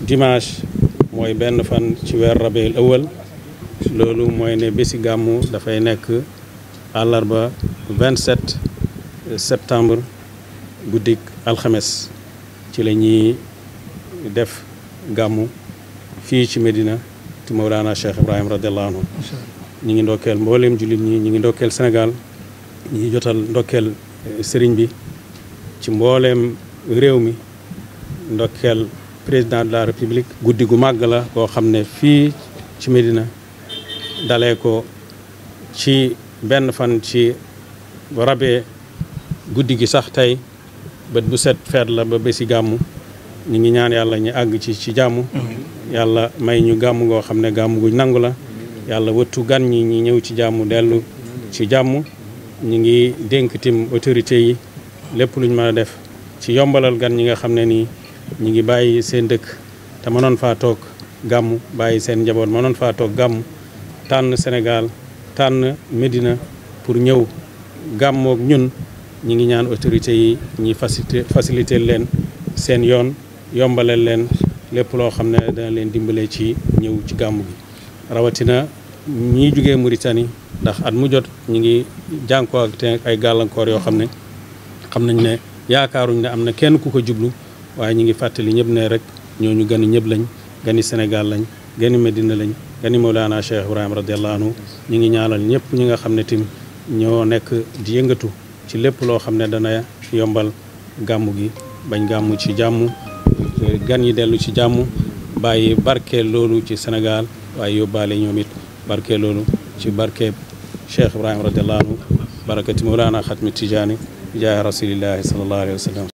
dimanche mooy benn fan ci weer rabiul awal loolu mooy ne bési gàmmu dafay nekk àllarba 27 septembre guddik alxames ci la ñuy def gàmmu fii ci Medina ti Mawlana Cheikh Ibrahim radiallahu anhu ñu ngi ndokkeel mbooleem jullit ñi ñi ngi ndokkeel Sénégal ñi ngi jotal ndokkeel eh, sëriñ bi ci mbooleem réew mi ndokkeel président de la république goudi gu màgg la koo xam ne ci Medina dalé ko ci ben fan ci rabé goudi gi sax tay bet bu set fet la ba bési gamu ni ngi ñaan yalla ñi ag ci ci jamu yalla may ñu gamu go gamu gu nangu la yalla wattu gan ñi ñi ñew ci jamu delu ci jamu ñi ngi denk tim autorité yi lepp luñu mëna def ci yombalal gan ñi nga ni. ni ñu ngi bàyyi seen dëkk te mënoon faa toog gàmm bàyyi seen njaboot mënoon faa toog gàmm tànn Sénégal tànn Médina pour ñëw gàmmook ñun ñi ngi ñaan autorités yi ñi facilité facilité leen seen yoon yombalal leen lépp loo xam ne dana leen dimbalee ci ñëw ci gàmm gi rawatina ñi jugee muritani ndax at mu jot ñu ngi jànkoo ak ay gàllankoor yoo xam ne xam nañ ne yaakaaruñ ne am na kenn ku ko jublu waaye ñu ngi fàttali ñëpp ne rek ñooñu gani ñëpp lañ gani Sénégal lañ gani Medina lañ gani Mawlana Cheikh Ibrahim radiallahu anhu ñu ngi ñaanal ñëpp ñu nga xam ne tim ñoo nekk di yëngatu ci lépp loo xam ne dana yombal gàmmu gi bañ gàmmu ci jàmm gan yi dellu ci jàmm bàyyi barke loolu ci senegal waaye yóbbaale ñoom it barke loolu ci barke Cheikh Ibrahim radiallahu anhu barakati Mawlana xatmi Tijaani jaay rasulillahi sallallahu alayhi wa sallam